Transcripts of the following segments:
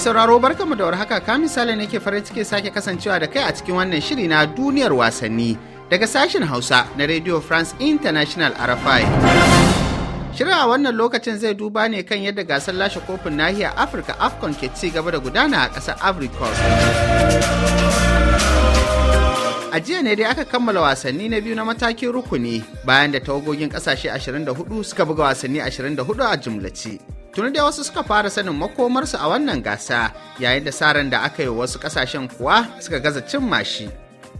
sauraro barkamu da warhaka ka misali ne ke farin ciki sake kasancewa da kai a cikin wannan shiri na duniyar wasanni daga sashen Hausa na Radio France International RFI. Shirin a wannan lokacin zai duba ne kan yadda gasar lashe kofin nahiyar Afirka AFCON ke ci gaba da gudana a ƙasar Ivory A jiya ne dai aka kammala wasanni na biyu na matakin rukuni bayan da tawagogin ƙasashe 24 suka buga wasanni 24 a jumlace. tuni da wasu suka fara sanin makomarsu a wannan gasa yayin da saran da aka yi wasu kasashen kuwa suka gaza cin mashi.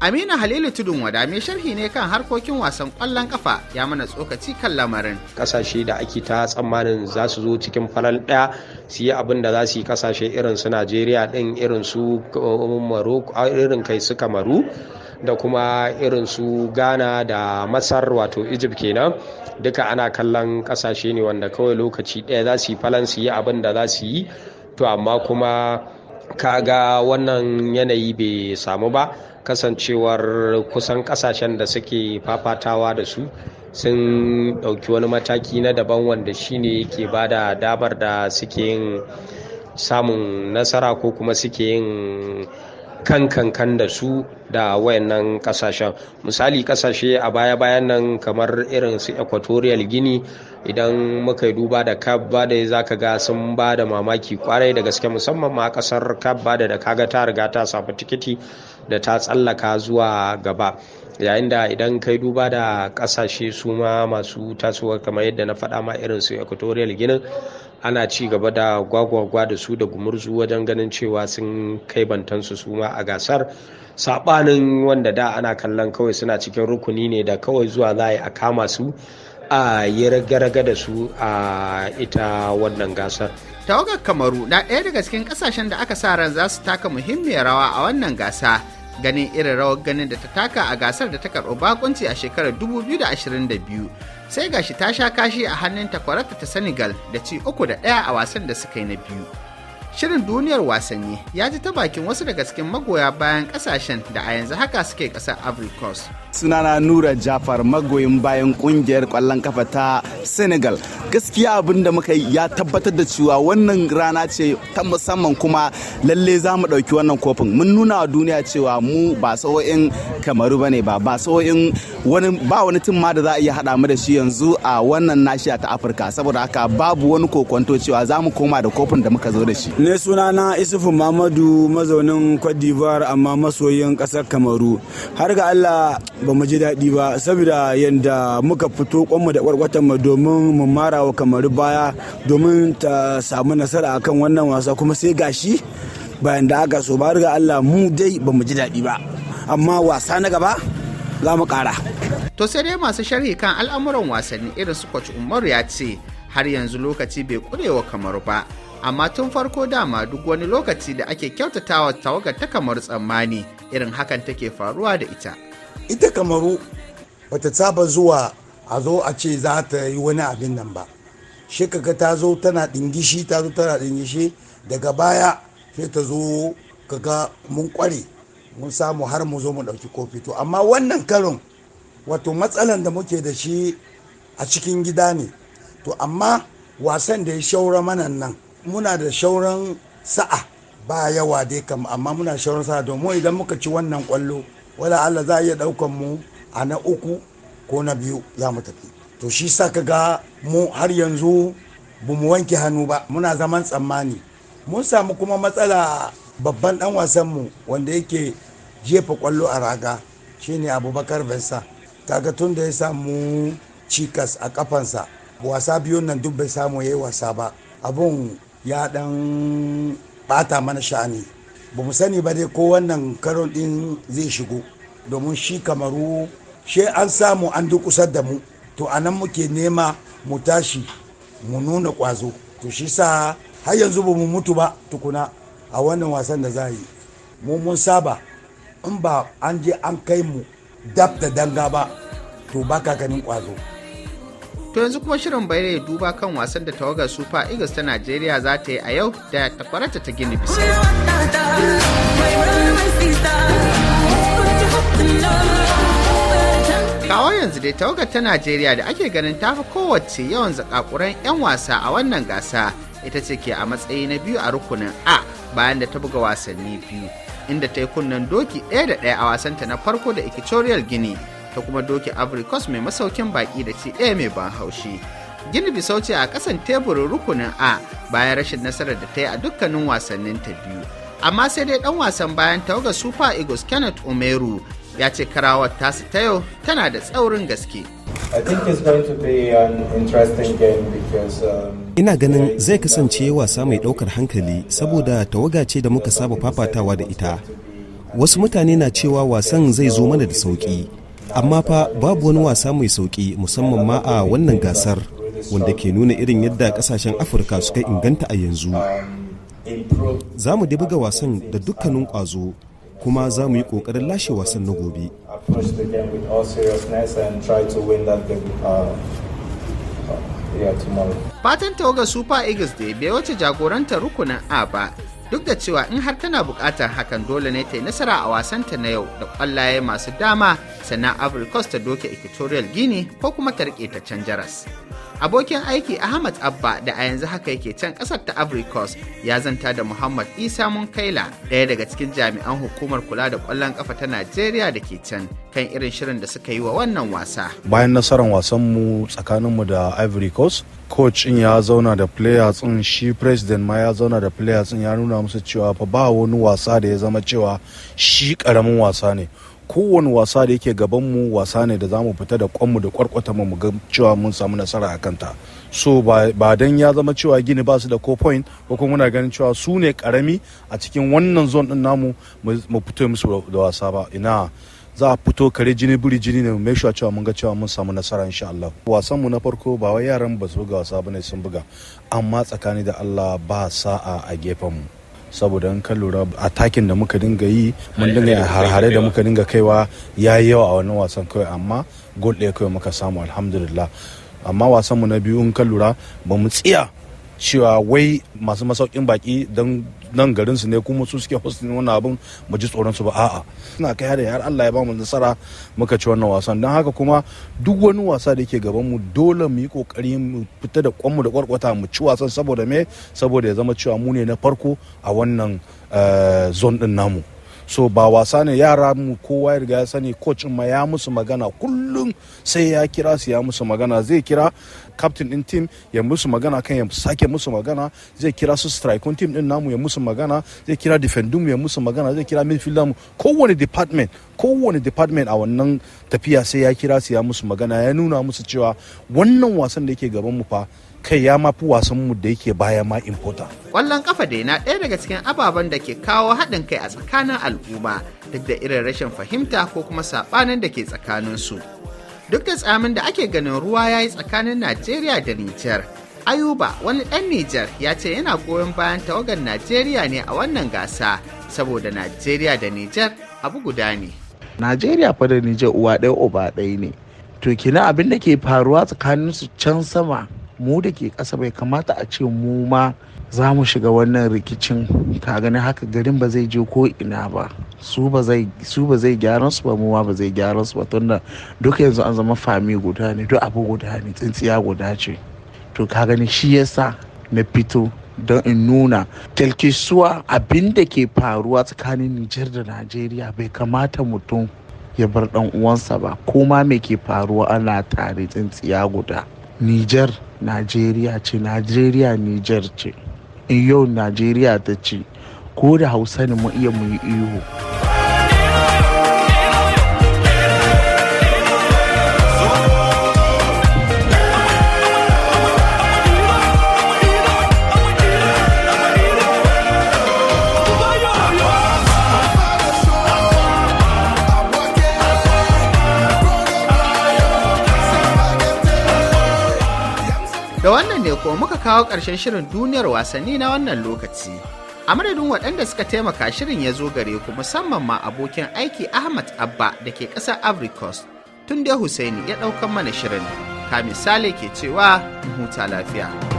amina halilu tudun wada mai sharhi ne kan harkokin wasan kwallon kafa ya mana tsokaci kan lamarin kasashe da ake ta tsammanin za su zo cikin falal ɗaya su yi abin da za su yi kasashe irin su najeriya din irin su uh, maroko irin kai su kamaru da kuma irin su ghana da masar wato egypt kenan duka ana kallon kasashe ne wanda kawai lokaci ɗaya za su yi falon su yi abin da za su yi to amma kuma kaga wannan yanayi bai samu ba kasancewar kusan kasashen da suke fafatawa da su sun ɗauki wani mataki na daban wanda shine ke ba da damar da suke yin samun nasara ko kuma suke yin kan kankan da su da wayannan kasashen misali kasashe a baya-bayan nan kamar irin su equatorial guinea idan muka yi duba da cap bada za ka ga sun ba da mamaki kwarai da gaske musamman ma kasar cap bada da kaga ta riga ta samu tikiti da ta tsallaka zuwa gaba yayin da idan kai duba da kasashe su ma masu tasowa kamar yadda na faɗa ma irin su equatorial guinea ana ci gaba da gwagwagwa da su da gumurzu wajen ganin cewa sun kai bantansu su ma a gasar sabanin wanda da ana kallon kawai suna cikin rukuni ne da kawai zuwa za a kama su a yi raga da su a ita wannan gasar tawagar kamaru na ɗaya daga cikin ƙasashen da aka sa ran za su taka muhimmiyar rawa a wannan gasa ganin irin rawar ganin da ta taka a gasar da ta karɓi bakunci a shekarar 2022 sai gashi ta sha kashi a hannun takwarata ta Senegal da ci uku da ɗaya a wasan da suka yi na biyu. Shirin duniyar wasanni ya ji ta bakin wasu daga cikin magoya bayan kasashen da a yanzu haka suke ƙasar Coast. Sunana Nura Jafar magoyin bayan kungiyar kwallon kafa ta Senegal. Gaskiya abin da muka yi ya tabbatar da cewa wannan rana ce ta musamman kuma lalle za mu ɗauki wannan kofin. Mun nuna wa duniya cewa mu ba sa'o'in kamaru ba ne ba, ba sa'o'in wani ba wani tun ma da za a iya haɗa mu da shi yanzu a wannan nashiya ta Afirka. Saboda haka babu wani kokonto cewa za mu koma da kofin da muka zo da shi. ne sunana isufu mamadu mazaunin cote d'ivoire amma masoyin ƙasar kamaru har ga allah ba mu ji daɗi ba saboda yadda muka fito kwanmu da mu domin mu mara wa kamaru baya domin ta samu nasara akan wannan wasa kuma sai gashi bayan da aka so ba har ga allah mu dai ba mu ji daɗi ba amma wasa na gaba za mu ƙara to sai dai masu sharhi kan al'amuran wasanni irin su umaru ya ce har yanzu lokaci bai wa kamaru ba amma tun farko dama duk wani lokaci da ake kyautatawa tawagar ta kamar tsammani irin hakan take faruwa da ita ita kamaru bata saba zuwa a zo a ce za ta yi wani abin nan ba shi kaga ta zo tana dingishi ta zo tana dingishi daga baya sai ta zo kaga mun kware mun samu har mu zo mu ɗauki kofi to amma wannan karon wato matsalan da muke da shi a cikin gida ne to amma wasan da ya shaura mana nan muna da shauran sa'a ba yawa dai kam amma muna shauran sa'a domin idan muka ci wannan kwallo wala Allah za a iya daukan mu a na uku ko na biyu za mu tafi to shi sa ka ga mu har yanzu ba mu wanke hannu ba muna zaman tsammani mun samu kuma matsala babban dan mu wanda yake jefa kwallo a raga shine abubakar bensa kaga tun da ya samu cikas a kafansa wasa biyun nan duk bai samu ya yi wasa ba abun ya dan bata mana sha'ani ba mu sani ba dai ko wannan karon din zai shigo domin shi kamaru she an samu an dukusar da mu to anan muke nema mu tashi mu nuna kwazo to shi sa har yanzu ba mu mutu ba tukuna a wannan wasan da za yi mu mun saba in ba an je an kai mu dab da danga ba to ba kakanin kwazo To yanzu kuma shirin bai ya duba kan wasan da tawagar Super Eagles ta Najeriya za ta yi a yau da takwarata ta Gini Bisa. Kawo yanzu dai tawagar ta Najeriya da ake ganin ta fi kowace yawan zakakuran 'yan wasa a wannan gasa ita ce ke a matsayi na biyu a rukunin A bayan da ta buga wasanni biyu inda ta yi kunnen doki ɗaya da ɗaya a wasanta na farko da Equatorial Guinea ta kuma doke Coast mai masaukin baki da ci ɗaya mai ban haushi. Gini Bisau a kasan teburin rukunin A bayan rashin nasarar da ta yi a dukkanin wasannin ta biyu. Amma sai dai ɗan wasan bayan tawaga Super Eagles Kenneth Umeru ya ce karawar tasu ta yau tana da tsaurin gaske. Um, Ina ganin zai kasance wasa mai ɗaukar hankali saboda tawaga ce da muka saba fafatawa da ita. Wasu mutane na cewa wasan zai zo mana da sauƙi, amma fa babu wani wasa mai sauki musamman ma a wannan gasar wanda ke nuna irin yadda kasashen afirka suka inganta a yanzu za mu buga wasan da dukkanin ƙwazo kuma za mu yi ƙoƙarin lashe wasan na gobe fatan tawagar super eagles da bai wace jagorantar rukunin a ba duk da cewa in har tana bukatar hakan dole ne ta yi nasara a wasanta na yau da ƙwallaye masu dama sannan Ivory Coast ta doke Equatorial Guinea ko kuma ta rike ta can jaras. Abokin aiki Ahmad Abba da a yanzu haka yake can ƙasar ta Ivory Coast ya zanta da Muhammad Isa Munkaila ɗaya daga cikin jami'an hukumar kula da kwallon kafa ta Najeriya da ke can kan irin shirin da suka yi wa wannan wasa. Bayan nasarar wasanmu tsakaninmu da Ivory Coast coach in ya zauna da players in shi president ma ya zauna da players in ya nuna musu cewa fa ba wani wasa da ya zama cewa shi karamin wasa ne kowane wasa da yake gaban mu wasa ne da za mu fita da kwanmu da kwarkwata mu ga cewa mun samu nasara a kanta so ba dan ya zama cewa gini ba su da ko point ko kuma muna ganin cewa su ne karami a cikin wannan zone din namu mu fito musu da wasa ba ina za a fito kare jini buri jini ne mai shuwa cewa mun ga cewa mun samu nasara insha Allah wasan mu na farko ba wai yaran ba su ga wasa ba ne sun buga amma tsakani da Allah ba sa'a a gefen mu saboda in ka lura atakin da muka dinga yi mun dinga harhare da muka dinga kaiwa ya yi yawa a wannan wasan kawai amma gol ɗaya kawai muka samu alhamdulillah amma wasan mu na biyu in ka lura ba mu tsiya cewa wai masu masaukin baki don nan garin su ne kuma su suke hostin wannan abun mu ji tsoron su ba a'a suna kai da har Allah ya ba mu nasara muka ci wannan wasan don haka kuma duk wani wasa da yake gaban mu dole mu yi kokari mu fita da kwanmu da kwarkwata mu ci wasan saboda me saboda ya zama cewa mu ne na farko a wannan eh, zone din namu so ba wasa ne yara mu kowa ya riga ya sani coach ma ya musu magana kullum sai ya kira su ya musu magana zai kira captain din team ya musu magana kan ya sake musu magana zai kira su strike team din namu ya musu magana zai kira defendum ya musu magana zai kira midfielder mu kowane department kowane department a wannan tafiya sai ya kira su ya musu magana ya nuna musu cewa wannan wasan da yake gaban mu fa kai ya mafi wasanmu da yake baya ma importa. Ƙwallon kafa dai na ɗaya daga cikin ababen da ke kawo haɗin kai a tsakanin al'umma duk da irin rashin fahimta ko kuma saɓanin da ke tsakaninsu. Duk da tsamin da ake ganin ruwa ya yi tsakanin Najeriya da Nijar. Ayuba wani ɗan Nijar ya ce yana goyon bayan tawagar Najeriya ne a wannan gasa saboda Najeriya da Nijar abu guda ne. Najeriya fa da Nijar uwa ɗaya uba ɗaya ne. To kina abin da ke faruwa tsakaninsu can sama mu da ke ƙasa bai kamata a ce mu ma za mu shiga wannan rikicin ka gani haka garin ba zai je ko ina ba su ba zai gyaran su ba mu ma ba zai gyaran su ba tunda duka yanzu an zama fami guda ne duk abu guda ne tsintsiya guda ce to ka gani shi yasa na fito don in nuna talkisuwa abin da ke faruwa tsakanin Nijar da Najeriya bai kamata mutum ya bar dan uwansa ba ko ma me ke faruwa ana tare tsintsiya guda Nijar najeriya ce najeriya niger ce in yau najeriya ta ce ko da hausa ne mu iya mu yi ihu kuma muka kawo ƙarshen shirin duniyar wasanni na wannan lokaci. A madadin waɗanda suka taimaka shirin ya zo gare ku musamman ma abokin aiki Ahmad Abba da ke ƙasar Ivory Coast tun da Husaini ya ɗaukan mana shirin. Ka misali ke cewa huta lafiya.